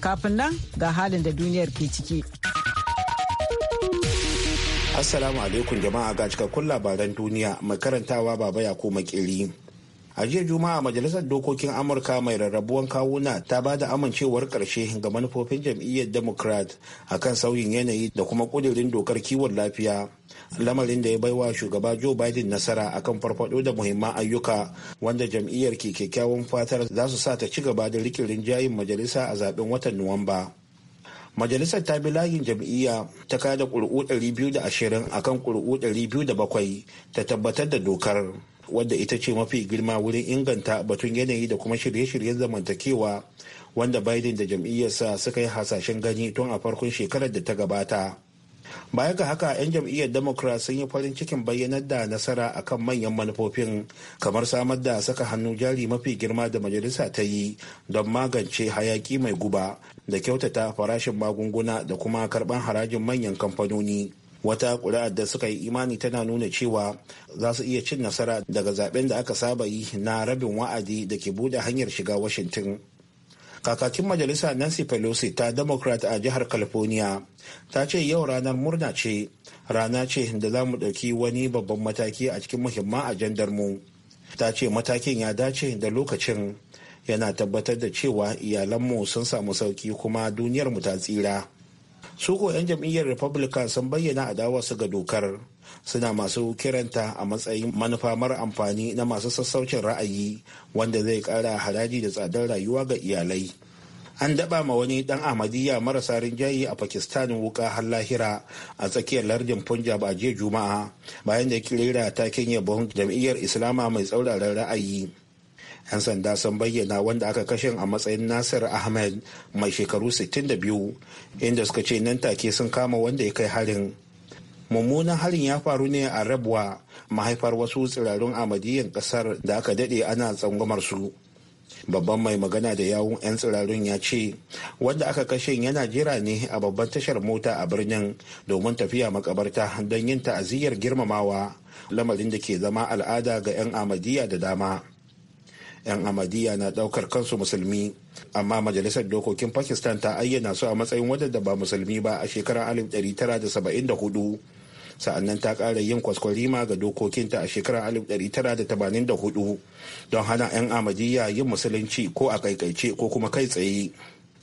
Kafin nan ga halin da duniyar ke ciki. Assalamu alaikum jama'a ga cikakkun labaran duniya mai karantawa baba ya koma makeri. a jiya juma'a majalisar dokokin amurka mai rarrabuwan kawuna ta ba da amincewar karshe ga manufofin jam'iyyar democrat a kan sauyin yanayi da kuma kudurin dokar kiwon lafiya lamarin da ya baiwa shugaba joe biden nasara a kan farfado da muhimman ayyuka wanda jam'iyyar ke kyakkyawan fatar za su sa ta ci gaba da rikirin jayin majalisa a zaben watan nuwamba majalisar ta bi layin jam'iyya ta kada ƙuri'u 220 akan ƙuri'u 207 ta tabbatar da dokar wadda ita ce mafi girma wurin inganta batun yanayi da kuma shirye-shiryen zamantakewa wanda biden da jam'iyyarsa suka yi hasashen gani tun a farkon shekarar da ta gabata baya ga haka 'yan jam'iyyar democrat sun yi farin cikin bayyanar da nasara akan manyan manufofin kamar samar da saka hannu jari mafi girma da majalisa ta yi don magance hayaki mai guba da kyautata farashin magunguna da kuma karban harajin manyan kamfanoni wata ƙuri'ar da suka yi imani tana nuna cewa za su iya cin nasara daga zaben da aka saba yi na rabin wa'adi da ke bude hanyar shiga washington kakakin majalisa nancy pelosi ta democrat a jihar california ta ce yau ranar murna ce rana ce da za mu ɗauki wani babban mataki a cikin muhimman ajandar mu ta ce matakin ya dace da lokacin yana tabbatar da cewa iyalanmu sun samu sauki kuma duniyarmu ta tsira su ko 'yan jam'iyyar republican sun bayyana su ga dokar suna masu kiranta a matsayin manufa mara amfani na masu sassaucin ra'ayi wanda zai kara haraji da tsadar rayuwa ga iyalai an daba ma wani dan ahmadiyya marasa rinjaye a pakistan wuka har lahira a tsakiyar lardin punjab a jiya juma'a bayan da kirera kenya yabon jam'iyyar islama mai tsauraran ra'ayi 'yan sanda sun bayyana wanda aka kashe a matsayin nasir ahmed mai shekaru 62 inda suka ce nan take sun kama wanda ya kai harin mummunan harin ya faru ne a rabuwa mahaifar wasu tsirarun amadiyyar kasar da aka dade ana tsangwamar su babban mai magana da yawun 'yan tsirarun ya ce wanda aka kashe yana jira ne a babban tashar mota a birnin domin tafiya makabarta don yin ta'aziyyar girmamawa lamarin da ke zama al'ada ga 'yan amadiya da dama 'yan amadiya na daukar kansu musulmi amma majalisar dokokin pakistan ta ayyana su a matsayin wadanda ba musulmi ba a shekarar 1974 sa'annan ta kara yin kwaskwarima ga dokokinta a shekarar 1984 don hana 'yan amadiya yin musulunci ko a kaikaice ko kuma kai tsaye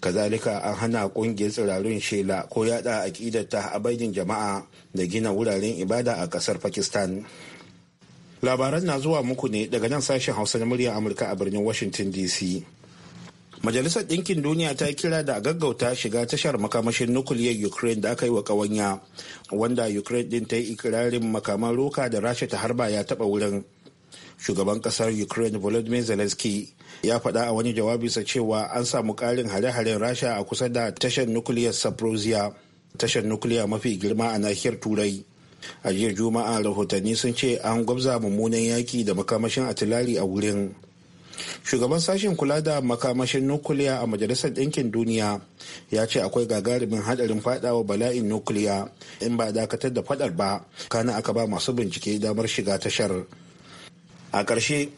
kazalika an hana kungiyar tsirarun shela ko yada ta a jama'a da gina wuraren ibada a ƙasar pakistan labaran na zuwa muku ne daga nan sashen hausa na murya amurka a birnin washington dc majalisar ɗinkin duniya ta kira da gaggauta shiga tashar makamashin nukiliyar ukraine da aka yi wa ƙawanya wanda ukraine ɗin ta yi ikirarin makaman roka da rasha ta harba ya taɓa wurin shugaban ƙasar ukraine volodymyr zelensky ya faɗa a wani jawabinsa cewa an samu ƙarin hare-haren rasha a kusa da tashar nukiliyar saprosia tashar nukiliya mafi girma a nahiyar turai a jiya juma'a rahotanni sun ce an gwabza mummunan yaki da makamashin atilari a wurin shugaban sashen kula da makamashin nukuliya a majalisar ɗinkin duniya ya ce akwai gagarumin hadarin fadawa bala'in nukuliya in ba dakatar da fadar ba kana aka ba masu bincike damar shiga tashar a ƙarshe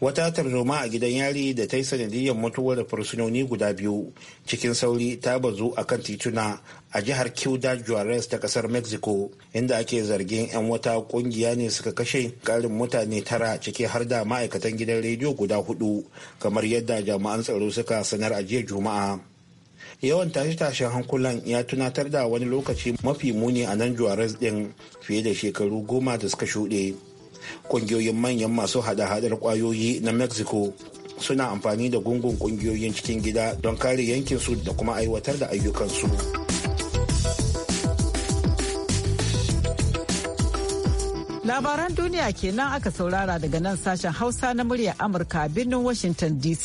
wata tarzoma a gidan yari da ta yi sanadiyar mutuwar fursunoni guda biyu cikin sauri ta bazu a kan tituna a jihar ciudad juarez ta kasar mexico inda ake zargin 'yan wata kungiya ne suka kashe karin mutane tara ciki har da ma'aikatan gidan rediyo guda hudu kamar yadda jami'an tsaro suka sanar a jiya juma'a yawan tashe-tashen hankulan ya tunatar da wani lokaci mafi muni a nan juarez din fiye da shekaru goma da suka shuɗe kungiyoyin manyan masu hada-hadar kwayoyi na mexico suna amfani da gungun kungiyoyin cikin gida don kare yankinsu da kuma aiwatar da ayyukansu labaran duniya kenan aka saurara daga nan sashen hausa na murya amurka birnin washington dc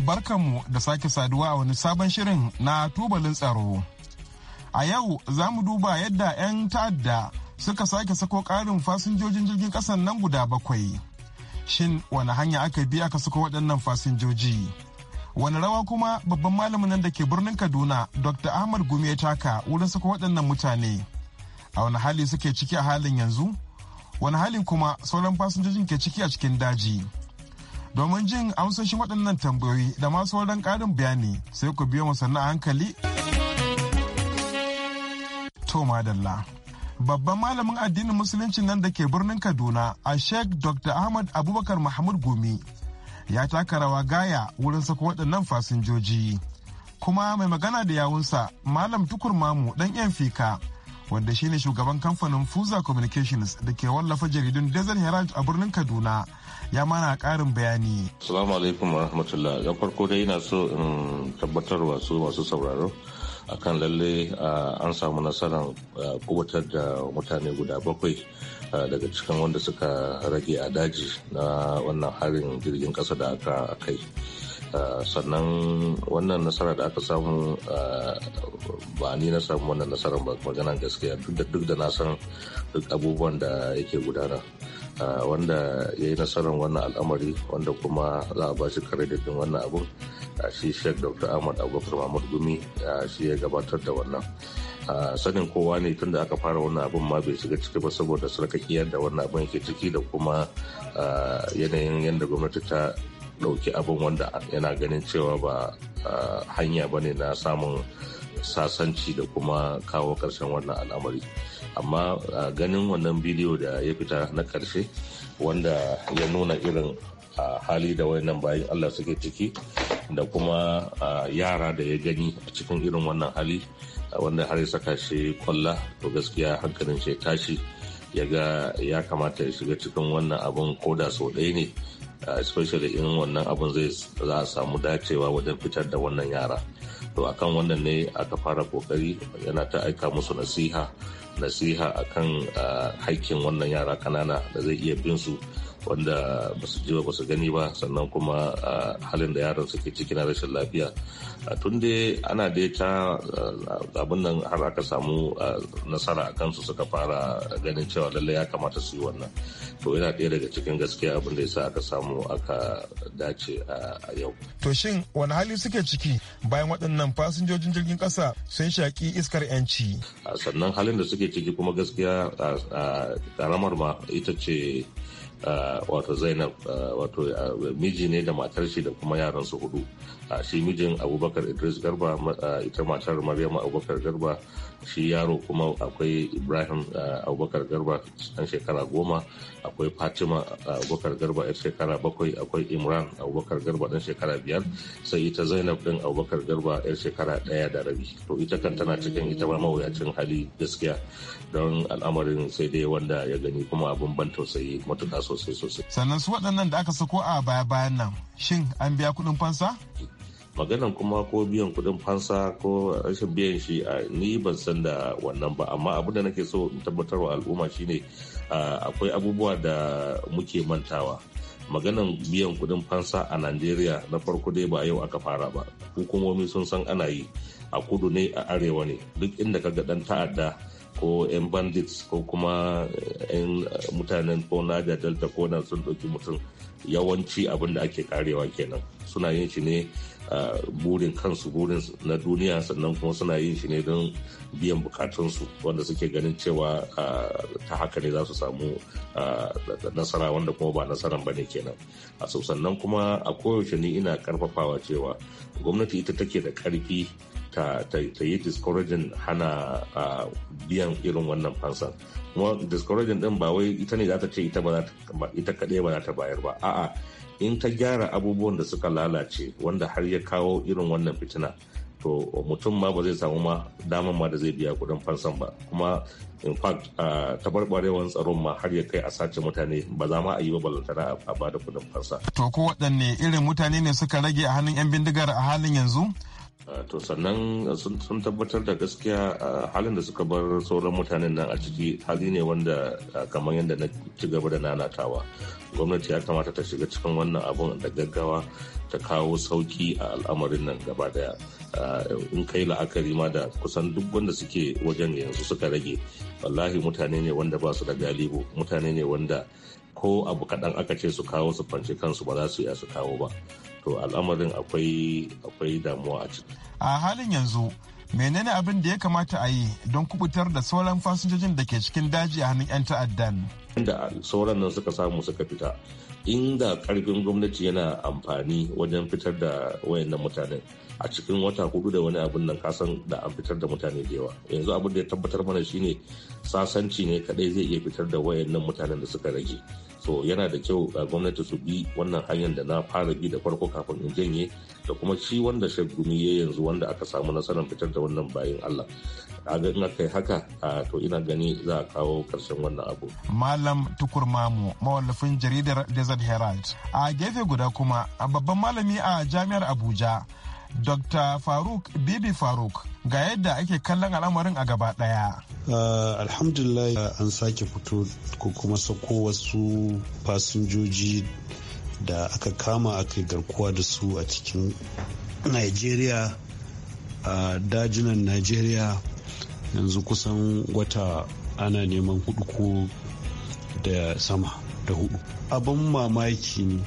barkanmu da sake saduwa a wani sabon shirin na tubalin tsaro. A yau za mu duba yadda 'yan ta'adda suka sake sako ƙarin fasinjojin jirgin ƙasan nan guda bakwai. Shin wani hanya aka biya aka sako waɗannan fasinjoji? Wani rawa kuma babban malamin nan da ke birnin Kaduna, Dr. Ahmad Gumi ya taka wurin sako waɗannan mutane. A wani hali suke ciki a halin yanzu? Wani hali kuma sauran fasinjojin ke ciki a cikin daji? domin jin amsoshin waɗannan tambayoyi da masu sauran ƙarin bayani sai ku biyo sannan a hankali. To madalla. Babban malamin addinin musulunci nan da ke birnin Kaduna a Sheikh Dr. Ahmad Abubakar Mahmud Gumi ya taka rawa gaya wurin sako waɗannan fasinjoji. Kuma mai magana da yawunsa Malam Tukur Mamu ɗan yan fika wanda shine shugaban kamfanin Fuza Communications da ke wallafa jaridun Desert Herald a birnin Kaduna. ya mana karin bayani. Salamu alaikum wa rahmatullah. Da farko dai ina so in tabbatar su masu sauraro akan lalle an samu nasarar kubutar da mutane guda bakwai daga cikin wanda suka rage a daji na wannan harin jirgin ƙasa da aka kai. sannan wannan nasara da aka samu ba ni na samu wannan nasarar ba maganan gaskiya duk da na san duk abubuwan da yake gudana. wanda ya yi nasarar wannan al'amari wanda kuma za a ba shi kareditin wannan abun shi sheikh dr ahmad abubakar mahmud gumi shi ya gabatar da wannan sanin kowa ne tunda aka fara wannan abun ma bai shiga ciki ba saboda sarkakiyar da wannan abun yake ciki da kuma yanayin yadda gwamnati ta ɗauki abun wanda yana ganin cewa ba hanya ba ne na samun sasanci da kuma kawo karshen wannan al'amari amma ganin wannan bidiyo da ya fita na karshe wanda ya nuna irin hali da wayannan bayan allah suke ciki da kuma yara da ya gani a cikin irin wannan hali wanda har ya saka shi kwalla to gaskiya hankalin shi tashi ya ga ya kamata ya shiga cikin wannan abun koda sau ɗaya ne especially in wannan abin zai za a samu dacewa wajen fitar da wannan yara to a kan wannan ne aka fara kokari yana ta aika musu nasiha nasiha akan ah, haikin wannan yara kanana da zai iya bin su wanda ba su ji ba su gani ba sannan kuma halin da yaran suke ciki na rashin lafiya tun dai ana dai ta abin nan har aka samu nasara a kansu suka fara ganin cewa lallai ya kamata su yi wannan to yana ɗaya daga cikin gaskiya abin da yasa aka samu aka dace a yau to shin wani hali suke ciki bayan waɗannan fasinjojin jirgin ƙasa sun shaƙi iskar 'yanci sannan halin da suke ciki kuma gaskiya ƙaramar ma ita ce wato zainab wato miji ne da matar shi da kuma yaran su hudu shi mijin abubakar idris garba ita matar maryam abubakar garba shi yaro kuma akwai ibrahim eh, abubakar garba ɗan shekara goma akwai fatima eh, abubakar garba yar shekara bakwai akwai imran abubakar garba ɗan shekara biyar sai ita zainab din abubakar garba yar shekara ɗaya da rabi to ita kan tana cikin ita ma mawuyacin hali gaskiya don al'amarin sai dai wanda ya gani kuma abin ban tausayi matuka sosai sosai sannan su waɗannan da aka sako a baya bayan nan shin an biya kuɗin fansa maganan kuma ko biyan kudin fansa ko rashin biyan shi ni ban san da wannan ba amma abin da nake so in tabbatarwa al'umma shine akwai abubuwa da muke mantawa maganan biyan kudin fansa a najeriya na farko dai ba yau aka fara ba hukumomi sun san ana yi a kudu ne a arewa ne duk inda ka ga dan ta'adda ko 'yan bandits ko kuma 'yan eh, eh, mutanen ko naja delta ko na sun ɗauki mutum yawanci abin da ake karewa kenan suna yin shi ne burin kansu burin na duniya sannan kuma suna yin shi ne don biyan bukatunsu wanda suke ganin cewa ta haka ne za su samu nasara wanda kuma ba nasaran ba ne kenan a sannan kuma a koyaushe ni ina karfafawa cewa gwamnati ita take da karfi ta, yi discouraging hana biyan irin wannan fansan kuma discouraging din ba wai ita ne za ta ce ita ita kaɗai ba za ta bayar ba a'a in ta gyara abubuwan da suka lalace wanda har ya kawo irin wannan fitina to mutum ma ba zai samu ma daman ma da zai biya kudin fansan ba kuma in fact tabarbarewan tsaron ma har ya kai a sace mutane ba za ma a yi ba balantana a bada kudin fansa. to ko waɗanne irin mutane ne suka rage a hannun 'yan bindigar a halin yanzu Ah, to sannan ah, sun tabbatar da gaskiya ah, halin da suka bar sauran mutanen nan a ciki hali ne wanda kamar yadda na ci gaba da nanatawa gwamnati ya kamata ta shiga cikin wannan abun da gaggawa ta kawo sauki a al'amarin nan gaba daya in kai la'akari ma da kusan duk wanda suke wajen yanzu suka rage wallahi mutane ne wanda ba su da galibu mutane ne wanda ko abu kaɗan aka ce su kawo su fanci kansu ba za su iya su kawo ba to al'amarin akwai akwai damuwa a ciki a halin yanzu menene abin da ya kamata a yi don kubutar da sauran fasinjojin da ke cikin daji a hannun 'yan ta'addan inda sauran nan suka samu suka fita inda karfin gwamnati yana amfani wajen fitar da wayannan mutanen a cikin wata hudu da wani abin nan kasan da an fitar da mutane da yawa yanzu abin da ya tabbatar mana shine sasanci ne kadai zai iya fitar da wayannan mutanen da suka rage so yana da kyau ga gwamnati su bi wannan hanyar da na fara bi da farko kafin in janye da kuma shi wanda shagumi ya yanzu wanda aka samu nasarar fitar da wannan bayan Allah a ga in aka yi haka to ina gani za a kawo karshen wannan abu malam tukur mamu mawallafin jaridar desert herald a gefe guda kuma a babban malami a jami'ar abuja Dr. Faruk Bibi Faruk ga yadda ake kallon al'amarin a gaba ɗaya. Uh, alhamdulillah an sake fito ko kuma sako wasu fasinjoji da aka kama aka garkuwa da su a cikin Nigeria a uh, dajinan Nigeria yanzu kusan wata ana neman hudu ko da sama da hudu. Abin mamaki ne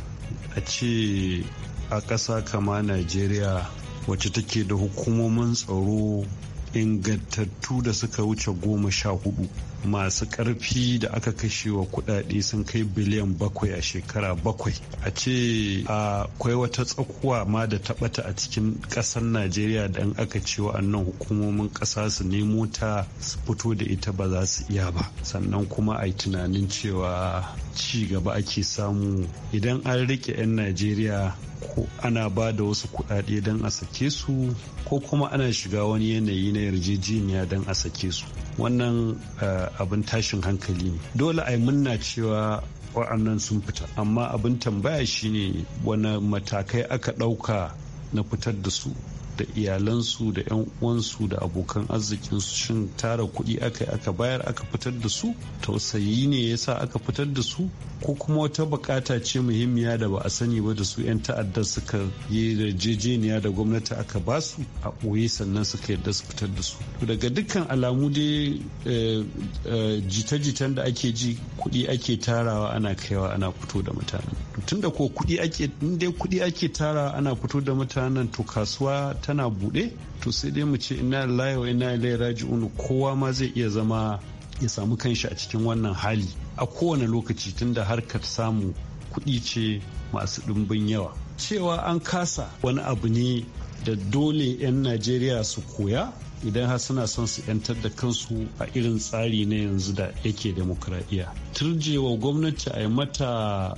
a ce a ƙasa kama najeriya wacce take da hukumomin tsaro ingantattu da suka wuce goma sha hudu masu ƙarfi da aka kashe wa kudade sun kai biliyan bakwai a shekara bakwai a ce akwai wata tsakuwa ma da taɓata a cikin ƙasar najeriya da aka ce wa'annan hukumomin ƙasa su nemo ta su fito da ita ba za su iya ba sannan kuma a yi tunanin cewa ci gaba ake samu idan an rike 'yan najeriya ko ana ba da wasu kuɗaɗe don a sake su ko kuma ana shiga wani yanayi na yarjejeniya don a sake su wannan eh, abin tashin hankali ne dole a yi munna cewa wa'annan sun fita amma abin tambaya shine wani matakai aka ɗauka na fitar da su da iyalansu da 'yan uwansu da abokan arzikinsu shin tara kuɗi aka aka bayar aka fitar da su tausayi ne yasa aka fitar da su ko kuma wata bukata ce muhimmiya da ba a sani ba da su 'yan ta'adda suka yi yarjejeniya da gwamnati aka ba su a ɓoye sannan suka yarda su fitar da su to daga dukkan alamu dai eh, eh, jita-jitan da ake ji kuɗi ake tarawa ana kaiwa ana fito da mutane tunda ko kudi ake dai kuɗi ake tara ana fito da mutanen to kasuwa tana bude to sai dai mu ce ina lillahi wa ina ilaihi raji'un kowa ma zai iya zama ya samu kanshi a cikin wannan hali a kowane lokaci tunda harkar samu kudi ce masu dumbin yawa cewa an kasa wani abu ne da dole 'yan najeriya su koya idan har suna son su 'yantar da kansu a irin tsari na yanzu da yake demokradiyya turjewa gwamnati a yi mata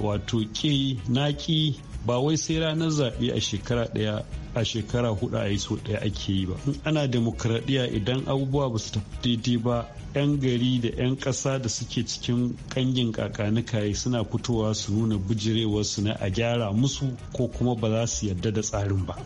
wato ƙi naki ba wai sai ranar zaɓe a shekara ɗaya a shekara hudu a yi so daya ake yi ba in ana demokradiyya idan abubuwa ba su tafi daidai ba 'yan gari da 'yan kasa da suke cikin ƙangin kakanikaye suna fitowa su nuna bijirewarsu na a gyara musu ko kuma ba za su yarda da tsarin ba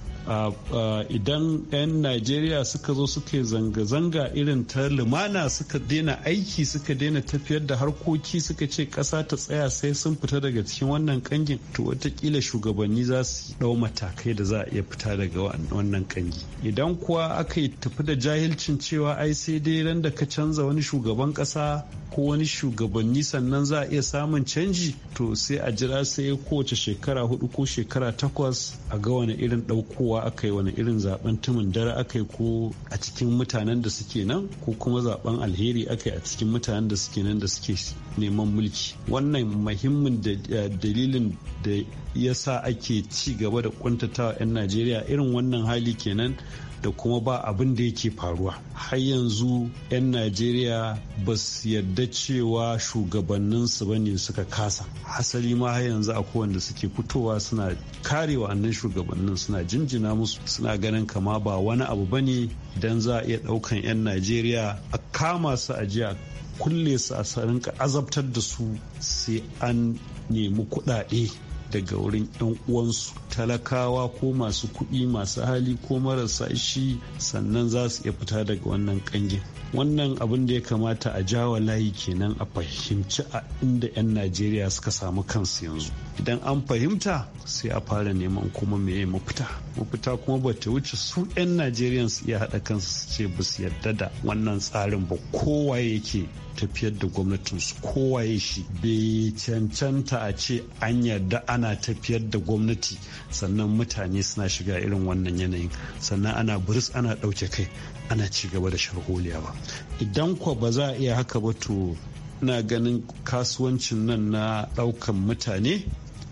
idan 'yan najeriya suka zo suka zanga-zanga irin ta lumana suka daina aiki suka daina tafiyar da harkoki suka ce kasa ta tsaya sai sun fita daga cikin wannan ƙangin to watakila shugabanni za su ɗau matakai da za a iya fita daga wannan kangi idan kuwa aka yi tafi da jahilcin cewa ai sai dai ran da ka canza wani shugaban kasa ko wani shugabanni sannan za a iya samun canji to sai a jira sai kowace shekara hudu ko shekara takwas a ga wani irin daukowa aka yi wani irin zaben tumin dare aka yi ko a cikin mutanen da suke nan ko kuma zaben alheri aka yi a cikin mutanen da suke nan da suke neman mulki wannan muhimmin eh, dalilin da ya sa ake ci gaba da kuntatawa 'yan najeriya irin wannan hali kenan da kuma ba abin da yake faruwa har yanzu 'yan najeriya ba su yadda cewa shugabanninsu ba ne suka kasa asali ma har yanzu a kowanda suke fitowa suna kare wa'annan shugabannin suna jinjina musu suna ganin kama ba wani abu ba ne don za a iya daukan 'yan najeriya a kama su a jiya kulle su a rinka azabtar da su sai an nemi kuɗaɗe daga wurin 'yan uwansu talakawa ko masu kuɗi masu hali ko marasa shi sannan za su iya fita daga wannan ƙangin wannan abin da ya kamata a jawa layi kenan a fahimci a inda 'yan najeriya suka samu kansu yanzu idan an fahimta sai a fara neman kuma me mafita mafita kuma ba ta wuce su 'yan najeriya su iya haɗa kansu su ce ba su yarda da wannan tsarin ba kowa yake tafiyar da gwamnatinsu kowaye shi bai cancanta a ce an yarda ana tafiyar da gwamnati sannan mutane suna shiga irin wannan yanayin sannan ana buris ana ɗauke kai ana ci gaba da sharholiya ba idan kwa ba za a iya haka ba to ina ganin kasuwancin nan na ɗaukan mutane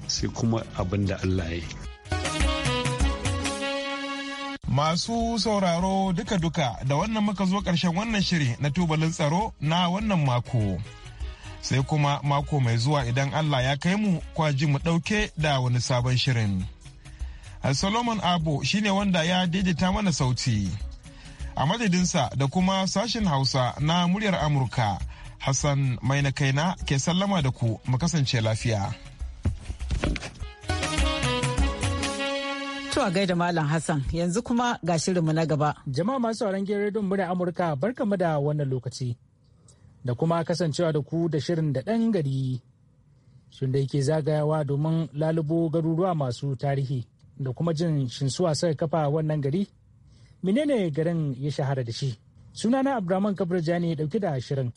sai kuma abin da allah ya yi Masu sauraro duka-duka da wannan muka zo ƙarshen wannan shiri na tubalin tsaro na wannan mako. Sai kuma mako mai zuwa idan Allah ya kai mu kwaji mu ɗauke da wani sabon shirin. Eh, Solomon Abo shine wanda ya daidaita mana sauti. A madadinsa da kuma sashen Hausa na muryar Amurka, Hassan Maina Kaina ke sallama da ku mu kasance lafiya. To a gaida Malam Hassan yanzu kuma ga shirinmu na gaba. Jama'a masu sauran gidan don murya Amurka barkamu da wannan lokaci. Da kuma kasancewa da ku da shirin da ɗan gari. Shin da yake zagayawa domin lalubo garuruwa masu tarihi da kuma jin shinsuwa suka kafa wannan gari. Menene garin ya shahara da shi? Sunana Abdurrahman Kabir Jani dauke da shirin.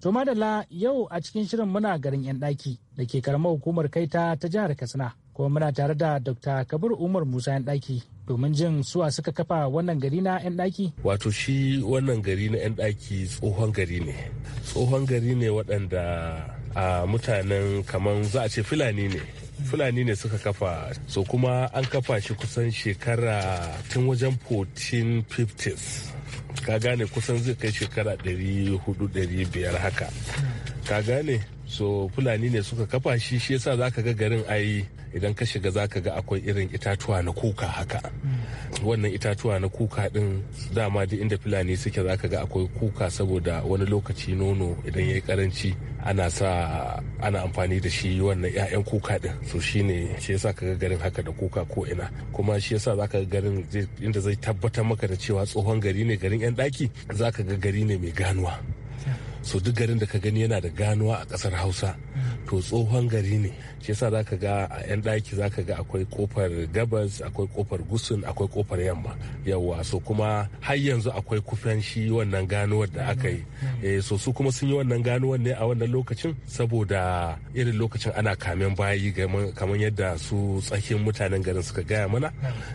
To madalla yau a cikin shirin muna garin 'yan ɗaki da ke karamar hukumar kaita ta jihar Katsina kuma muna tare da Dr. Kabir Umar Musa 'yan ɗaki domin jin suwa suka kafa wannan gari na 'yan ɗaki. Wato shi wannan gari na 'yan ɗaki tsohon gari ne. Tsohon gari ne waɗanda a mutanen kaman za a ce Fulani ne. fulani ne suka kafa so kuma an kafa shi kusan shekara tun wajen 1450s ka gane kusan zai kai shekara 400-500 haka ka gane so fulani ne suka kafa shi shi yasa za ka ga garin ayi idan ka shiga za ka ga akwai irin itatuwa na kuka haka wannan itatuwa na kuka din dama da inda fulani suke za ka ga akwai kuka saboda wani lokaci nono idan ya yi karanci ana sa ana amfani da shi wannan 'ya'yan kuka din so shi ne shi yasa ka ga garin haka da kuka ko ina kuma shi yasa za ka ga garin inda zai tabbatar maka da cewa tsohon gari ne garin 'yan daki za ka ga gari ne mai ganuwa so duk garin da ka gani yana da ganuwa a kasar hausa to tsohon gari ne shi yasa zaka ga a yan daki zaka ga akwai kofar gabas akwai kofar gusun akwai kofar yamma yawa so kuma har yanzu akwai kufen shi wannan ganuwar da aka yi eh, so su kuma sun yi wannan ganuwar ne a wannan lokacin saboda irin lokacin ana kamen bayi kamar yadda su tsakin mutanen garin suka gaya mana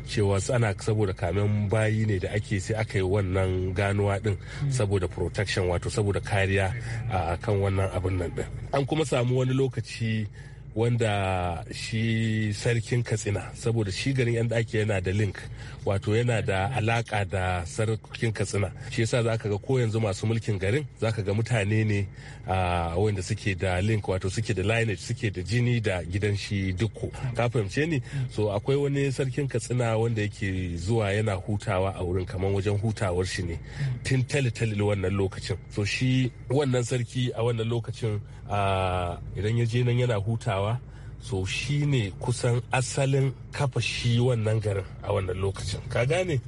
cewa su ana saboda kamen bayi ne da ake sai aka yi wannan ganuwa din saboda protection wato saboda kare kariya a kan wannan abin nan din an kuma samu wani lokaci wanda shi sarkin katsina saboda shi garin yan daki yana da link wato yana da alaka da sarkin katsina shi yasa za ka ga ko yanzu masu mulkin garin za ka ga mutane ne wanda suke da link wato suke da lineage suke da jini da gidan shi dukko ka fahimce ni so akwai wani sarkin katsina wanda yake zuwa yana hutawa a wurin kamar wajen hutawar shi ne tun tali-tali wannan lokacin so shi wannan sarki a wannan lokacin idan ya je nan yana hutawa wa so shi ne kusan asalin kafa shi wannan garin a wannan lokacin ka gane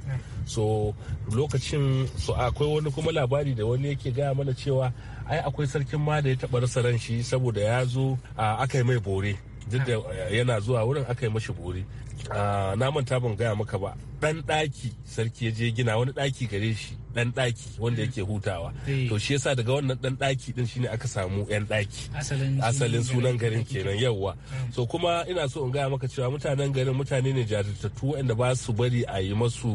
so lokacin so akwai wani kuma labari da wani yake gaya mana cewa ai akwai sarkin ma da ya taɓa rasa ran shi saboda ya zo aka yi mai bore duk da yana zuwa wurin aka yi mashi bore na manta ban gaya maka ba ɗan ɗaki sarki ya je gina wani ɗaki gare shi dan daki wanda yake hutawa eh. to shi yasa daga wannan dan daki din shine aka samu yan daki asalin sunan garin kenan yawa hmm. so kuma ina so in gaya maka cewa mutanen garin mutane ne jajirtattu wanda ba su bari a yi masu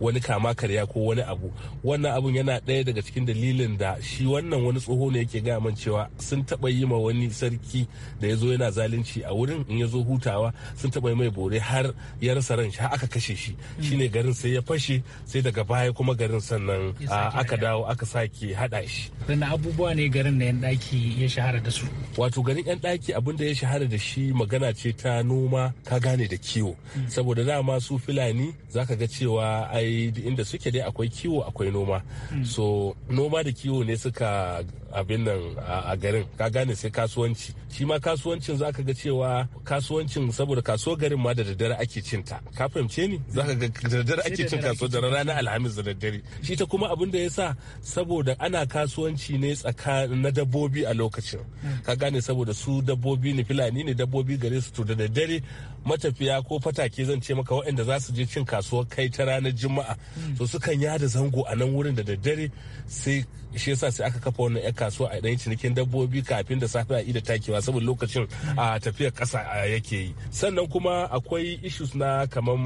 wani kama karya ko wani abu wannan abun yana daya daga cikin dalilin da shi wannan wani tsoho ne yake gaya man cewa sun taba yi ma wani sarki da ya zo yana zalunci a wurin in ya zo hutawa sun taba yi mai bore har ya rasa ran shi har aka kashe shi hmm. shine garin sai ya fashe sai daga baya kuma garin sannan sannan aka dawo aka sake haɗa shi. Rana abubuwa ne garin da yan ɗaki ya shahara da su. Wato garin yan ɗaki abinda da ya shahara da shi magana ce ta noma ka gane da kiwo. Hmm. Saboda dama su Fulani za ka ga cewa ai inda suke dai akwai kiwo akwai noma. Hmm. So noma da kiwo ne suka abin nan a garin ka gane sai kasuwanci shi ma kasuwancin ka ga cewa kasuwancin saboda kaso garin ma da daddare ake cinta ka fahimce ni ka ga da daddare ake cin kaso da rana alhamis da daddare shi ta kuma abin da ya sa saboda ana kasuwanci ne tsakanin na dabbobi a lokacin mm. ka gane saboda su dabbobi ne filani ne dabbobi gare su to da daddare matafiya ko fatake zan ce maka waɗanda za su je cin kasuwar kai ta ranar juma'a to sukan yada zango a nan wurin da daddare sai shi yasa sai aka kafa wannan 'yan kasuwa a ɗanyi cinikin dabbobi kafin da safe a ida takewa saboda lokacin a tafiyar ƙasa yake yi sannan kuma akwai issues na kamar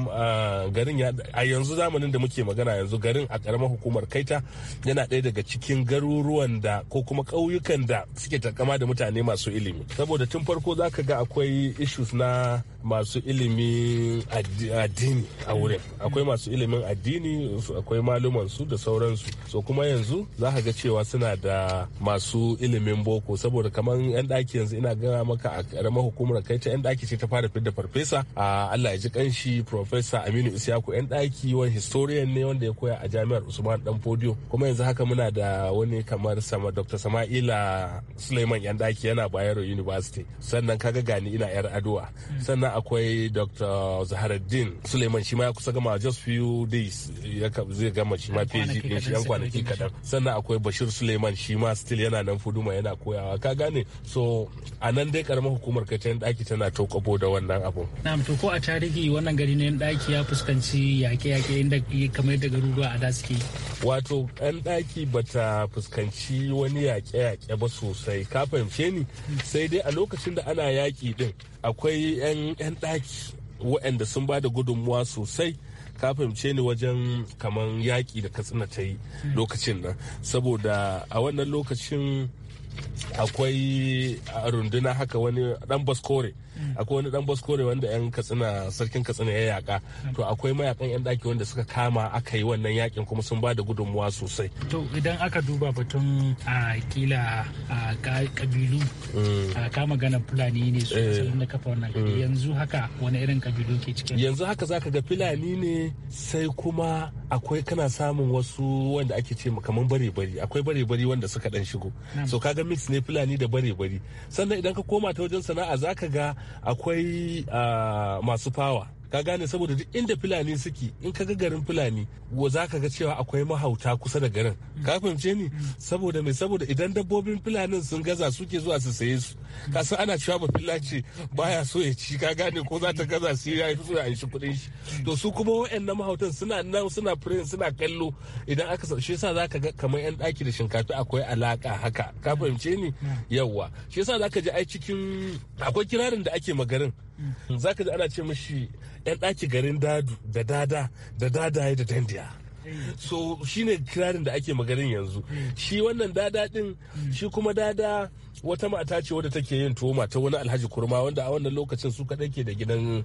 garin a yanzu zamanin da muke magana yanzu garin a ƙaramar hukumar kaita yana ɗaya daga cikin garuruwan da ko kuma ƙauyukan da suke takama da mutane masu ilimi saboda tun farko za ka ga akwai issues na masu masu ilimin addini a wurin akwai masu ilimin addini akwai malumansu da sauransu so kuma yanzu za ka ga cewa suna da masu ilimin boko saboda kamar yan ɗaki yanzu ina gaya maka a ƙaramar hukumar kai ta yan ɗaki ce ta fara fidda farfesa a Allah ya ji kanshi professor Aminu Isiyaku yan ɗaki wani historian ne wanda ya koya a jami'ar Usman Dan Fodio kuma yanzu haka muna da wani kamar sama Dr. Sama'ila Suleiman yan ɗaki yana Bayero University sannan kaga gani ina yar Adua hmm. sannan akwai akwai dr zaharaddin suleiman shi ma ya kusa gama just few days zai gama shi ma phd shi yan kwanaki kadan sannan akwai bashir suleiman shi ma still yana nan fuduma yana koyawa ka gane so a nan dai karamar hukumar yan daki tana to da wannan abu na'am to ko a tarihi wannan gari ne yan daki ya fuskanci yaƙe-yaƙe inda kamar da garuruwa a da suke wato yan daki bata fuskanci wani yaƙe-yaƙe ba sosai ka fahimce ni hmm. sai dai a lokacin da ana yaƙi din akwai 'yan ɗaki waɗanda sun ba da gudunmuwa sosai ka fahimce ni wajen kaman yaƙi da katsina ta yi lokacin nan saboda a wannan lokacin akwai runduna haka wani ɗan baskore akwai wani dan baskore wanda yan katsina sarkin katsina ya yaka to akwai mayakan yan daki wanda suka kama aka yi wannan yakin kuma sun bada gudunmuwa sosai to idan aka duba batun a kila a kabilu mm. a kama gana fulani ne su eh. na kafa wannan mm. yanzu haka wani irin kabilu ke cikin yanzu haka zaka ga fulani ne sai kuma akwai kana samun wasu wanda ake ce kamar bare-bare akwai bare-bare wanda suka dan shigo so kaga mix ne fulani da bare-bare sannan idan ka koma ta wajen sana'a zaka ga akwai ah, masu fawa ka gane saboda duk inda fulani suke in ka ga garin fulani wa za ka ga cewa akwai mahauta kusa da garin ka fahimce ni saboda mai saboda idan dabbobin fulanin sun gaza suke zuwa su saye su kasan ana cewa ba filace baya so ya ci ka gane ko za ta gaza su ya yi so ya shi kuɗin shi to su kuma wa'annan mahautan suna nan suna firin suna kallo idan aka sa shi yasa za ka ga kamar yan daki da shinkafa akwai alaka haka ka fahimce ni yawwa shi yasa za ka ji ai cikin akwai kirarin da ake ma garin. zaka ji ana ce mashi yan ɗaki garin dadu da dada da dadaye da dandiya so shine kirarin da ake maganin yanzu shi wannan dada din shi kuma dada wata mata ce wadda take yin tuwo mata wani alhaji kurma wanda a wannan lokacin su kaɗai ke da gidan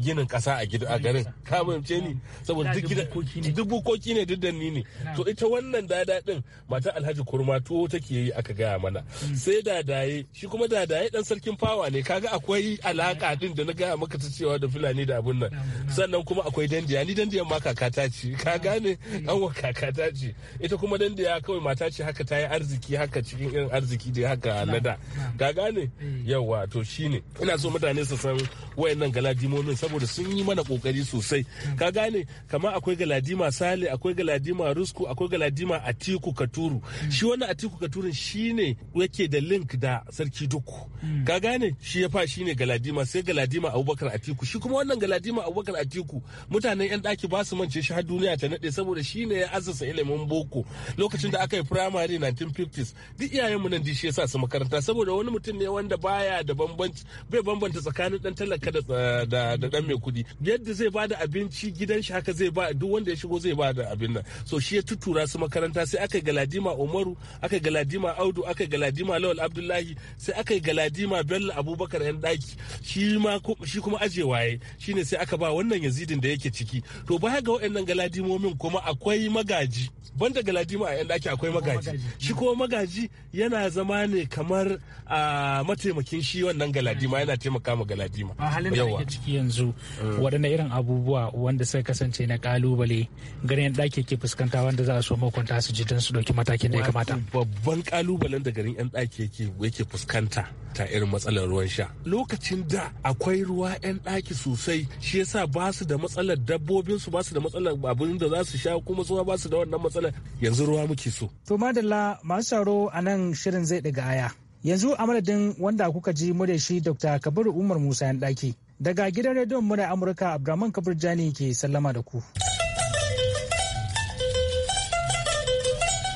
ginin ƙasa a garin ka fahimce ni saboda duk bukoki ne duk danni ne to ita wannan dada din mata alhaji kurma tuwo take yi aka gaya mana sai dadaye shi kuma dadaye dan sarkin fawa ne kaga akwai alaka din da na gaya maka ta cewa da fulani da abun nan sannan kuma akwai dandiya ni dandiyan ma ma kakata ce ka gane kanwa kakata ce ita kuma dan da ya kawai mata ce haka ta yi arziki haka cikin yan arziki da haka na da ka gane eh. yawa to shine ina so mutane su san wayannan galadimomin saboda sun yi mana kokari sosai hmm. ka gane kamar akwai galadima sale akwai galadima rusku akwai galadima atiku katuru hmm. shi wannan atiku katurun shine yake da link da sarki duku hmm. ka gane shi ya fa shine galadima sai galadima abubakar atiku shi kuma wannan galadima abubakar atiku mutanen yan daki ba su mance shi har duniya ta nade saboda shi ne ya assasa ilimin boko lokacin da aka yi firamare 1950s duk iyayen mu nan di shi yasa su makaranta saboda wani mutum ne wanda baya da bambanci bai bambanta tsakanin dan talaka da da dan mai kudi yadda zai ba da abinci gidan shi haka zai ba duk wanda ya shigo zai ba da abin nan so shi ya tutura su makaranta sai aka galadima Umaru aka galadima Audu aka galadima Lawal Abdullahi sai aka galadima Bello Abubakar yan daki shi ma shi kuma aje waye shine sai aka ba wannan yazidin da yake ciki to ba baya ga waɗannan galadimomin kuma akwai magaji banda galadima a yan daki akwai magaji shi kuma magaji yana zama ne kamar a mataimakin shi wannan galadima yana taimaka ma galadima a halin da ake ciki yanzu eh. waɗanne irin abubuwa wanda suka kasance na kalubale garin yan daki ke fuskanta wanda za a so makwanta su ji don su ɗauki matakin da ya kamata babban kalubalen da garin yan daki yake fuskanta ta irin matsalar ruwan sha lokacin da akwai ruwa 'yan ɗaki sosai shi yasa ba su da matsalar dabbobin su ba su da matsalar abin da za su sha kuma su ba su da wannan matsalar yanzu ruwa muke so to madalla masu tsaro a nan shirin zai ɗiga aya yanzu a madadin wanda kuka ji mu da shi dr kabiru umar musa 'yan ɗaki daga gidan rediyon murya amurka abdulrahman kabir jani ke sallama da ku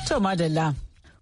to madalla